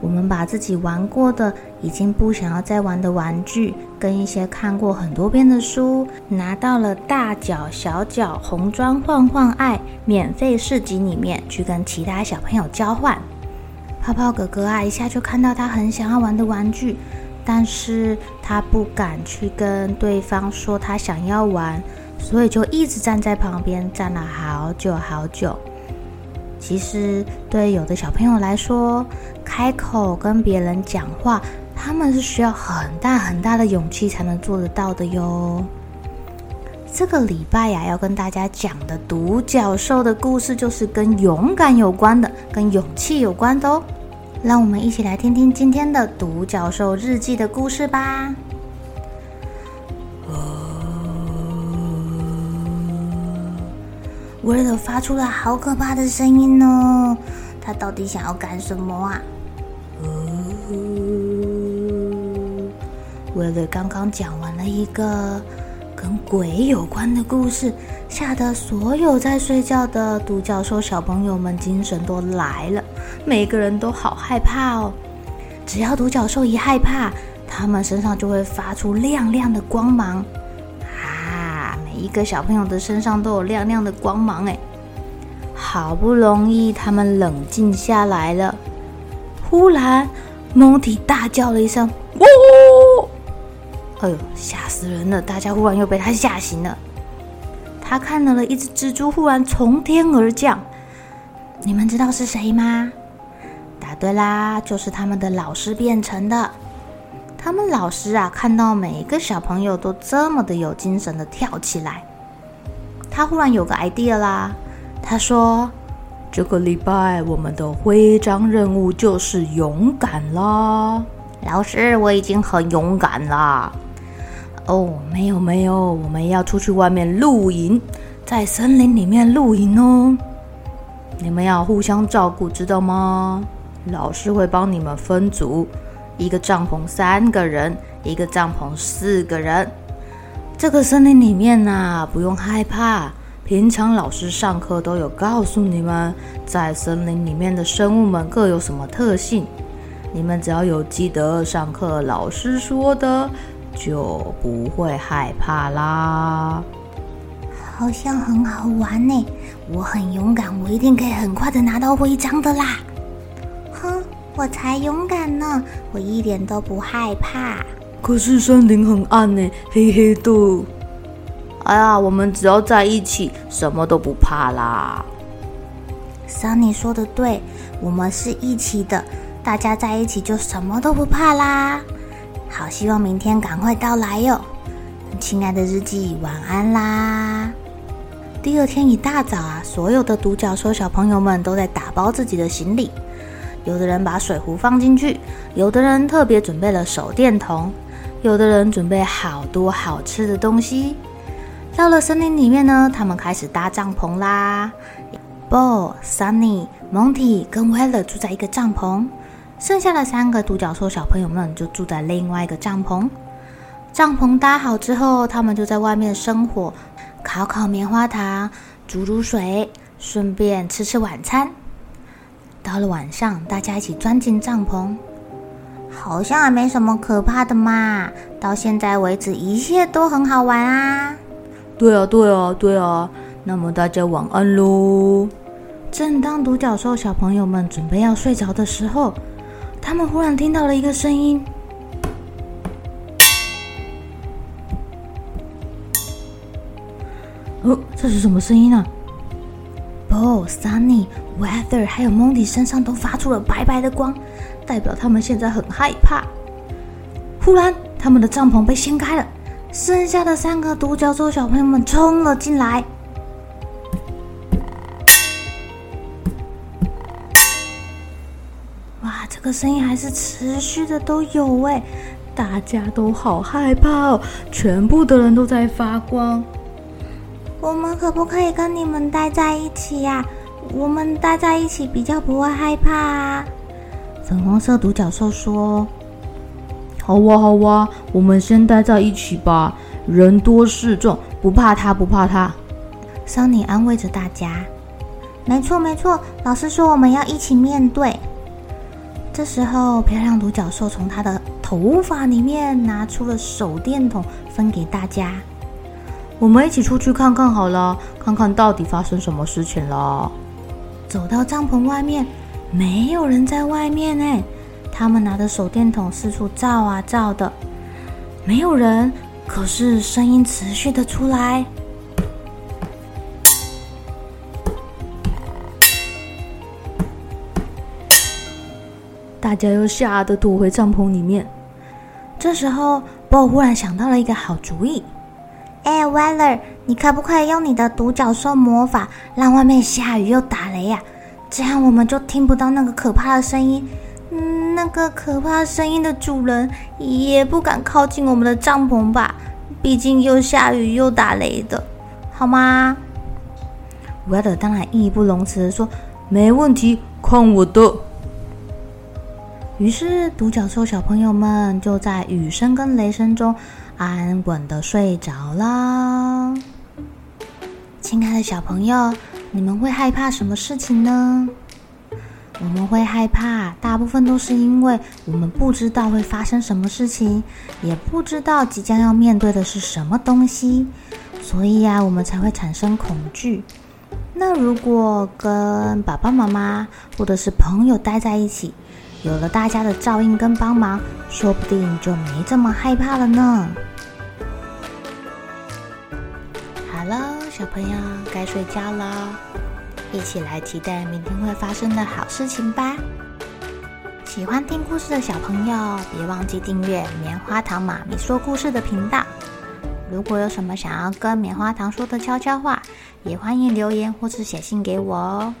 我們把自己玩過的、已經不想要再玩的玩具，跟一些看過很多遍的書，拿到了大腳、小腳、紅磚換換愛免費市集裡面去跟其他小朋友交換。泡泡哥哥啊，一下就看到他很想要玩的玩具，但是他不敢去跟對方說他想要玩，所以就一直站在旁邊站了好久好久。其實，對有的小朋友來說，開口跟別人講話，他們是需要很大很大的勇氣才能做得到的喲。這個禮拜呀，要跟大家講的獨角獸的故事，就是跟勇敢有關的，跟勇氣有關的哦。讓我們一起來聽聽今天的獨角獸日記的故事吧。威勒發出了好可怕的聲音哦，他到底想要幹什麼啊？威勒剛剛講完了一個跟鬼有關的故事，嚇得所有在睡覺的獨角獸小朋友們精神都來了，每個人都好害怕哦。只要獨角獸一害怕，他們身上就會發出亮亮的光芒。一個小朋友的身上都有亮亮的光芒，哎，好不容易他們冷靜下來了。忽然，蒙提大叫了一聲：“嗚嗚、哦！”哎呦，嚇死人了！大家忽然又被他嚇醒了。他看到了一隻蜘蛛忽然從天而降，你們知道是誰嗎？答對啦，就是他們的老師變成的。他們老師啊，看到每一個小朋友都這麼的有精神的跳起來，他忽然有個 idea 啦。他說：“這個禮拜我們的徽章任務就是勇敢啦。”老師，我已經很勇敢了。哦，沒有沒有，我們要出去外面露營，在森林裡面露營哦。你們要互相照顧，知道嗎？老師會幫你們分組。一個帳篷三個人，一個帳篷四個人。這個森林裡面呢，不用害怕。平常老師上課都有告訴你們，在森林裡面的生物們各有什麼特性。你們只要有記得上課老師說的，就不會害怕啦。好像很好玩呢，我很勇敢，我一定可以很快的拿到徽章的啦。我才勇敢呢，我一點都不害怕。可是森林很暗呢，黑黑的。哎呀，我們只要在一起，什麼都不怕啦。桑尼說的對，我們是一起的，大家在一起就什麼都不怕啦。好，希望明天趕快到來喲，哦，親愛的日記，晚安啦。第二天一大早啊，所有的獨角獸小朋友們都在打包自己的行李。有的人把水壺放進去，有的人特別準備了手電筒，有的人準備好多好吃的東西。到了森林裡面呢，他們開始搭帳篷啦。Bo Sunny、Monty 跟 Weller 住在一個帳篷，剩下的三個獨角獸小朋友們就住在另外一個帳篷。帳篷搭好之後，他們就在外面生火，烤烤棉花糖，煮煮水，順便吃吃晚餐。到了晚上，大家一起鑽進帳篷，好像也沒什麼可怕的嘛。到現在為止，一切都很好玩啊。對啊，對啊，對啊。那麼大家晚安咯。正當獨角獸小朋友們準備要睡着的時候，他們忽然聽到了一個聲音。哦，這是什麼聲音啊？哦、oh，Sunny、Weather 還有 Mondy 身上都發出了白白的光，代表他們現在很害怕。忽然，他們的帳篷被掀開了，剩下的三個獨角獸小朋友們沖了進來。哇，這個聲音還是持續的都有哎、欸，大家都好害怕哦，全部的人都在發光。我們可不可以跟你們待在一起呀？我們待在一起比較不會害怕啊。粉紅色獨角獸說：“好哇，好哇，我們先待在一起吧，人多勢眾，不怕他，不怕他。” Sunny 安慰着大家：“沒錯，沒錯，老師說我們要一起面對。”這時候，漂亮獨角獸從他的頭髮裡面拿出了手電筒，分給大家。我們一起出去看看好了，看看到底發生什麼事情了。走到帳篷外面，沒有人在外面耶。他們拿着手電筒四處照啊照的，沒有人，可是聲音持續的出來。大家又嚇得躲回帳篷裡面。這時候，波忽然想到了一個好主意。哎，Weather、well、你可不可以用你的獨角獸魔法，讓外面下雨又打雷呀，啊？這樣我們就聽不到那個可怕的聲音，嗯、那個可怕聲音的主人也不敢靠近我們的帳篷吧？畢竟又下雨又打雷的，好嗎？Weather、well、當然義不容辭的說，沒問題，看我的。於是，獨角獸小朋友們就在雨聲跟雷聲中安穩的睡着啦。親愛的小朋友，你們會害怕什麼事情呢？我們會害怕，大部分都是因為我們不知道會發生什麼事情，也不知道即將要面對的是什麼東西，所以呀，我們才會產生恐懼。那如果跟爸爸媽媽或者是朋友待在一起，有了大家的照應跟幫忙，說不定就沒這麼害怕了呢。哈嘍，小朋友該睡覺啦，一起來期待明天會發生的好事情吧。喜歡聽故事的小朋友，別忘記訂閱棉花糖媽咪說故事的頻道。如果有什麼想要跟棉花糖說的悄悄話，也歡迎留言或是寫信給我哦。